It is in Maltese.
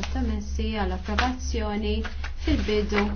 sottomessi għall approvazzjoni fil-bidu